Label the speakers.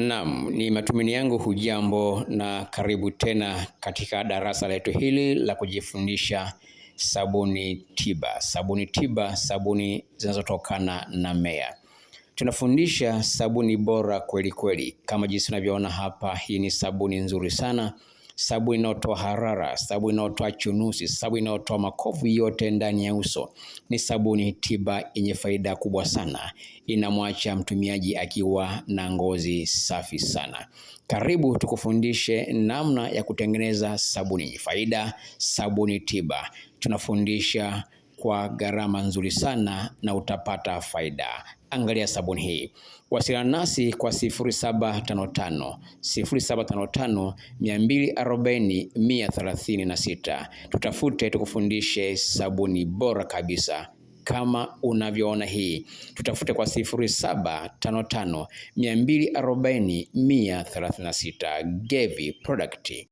Speaker 1: Naam, ni matumaini yangu hujambo na karibu tena katika darasa letu hili la kujifundisha sabuni tiba. Sabuni tiba, sabuni zinazotokana na mea Tunafundisha sabuni bora kweli kweli, kama jinsi unavyoona hapa, hii ni sabuni nzuri sana sabu inayotoa harara, sabu inayotoa chunusi, sabu inayotoa makovu yote ndani ya uso. Ni sabuni tiba yenye faida kubwa sana, inamwacha mtumiaji akiwa na ngozi safi sana. Karibu tukufundishe namna ya kutengeneza sabuni yenye faida, sabuni tiba. Tunafundisha kwa gharama nzuri sana na utapata faida. Angalia sabuni hii. Wasiliana nasi kwa 0755 0755 240 Tutafute tukufundishe sabuni bora kabisa kama unavyoona hii. Tutafute kwa 0755 240 136. Gevi Product.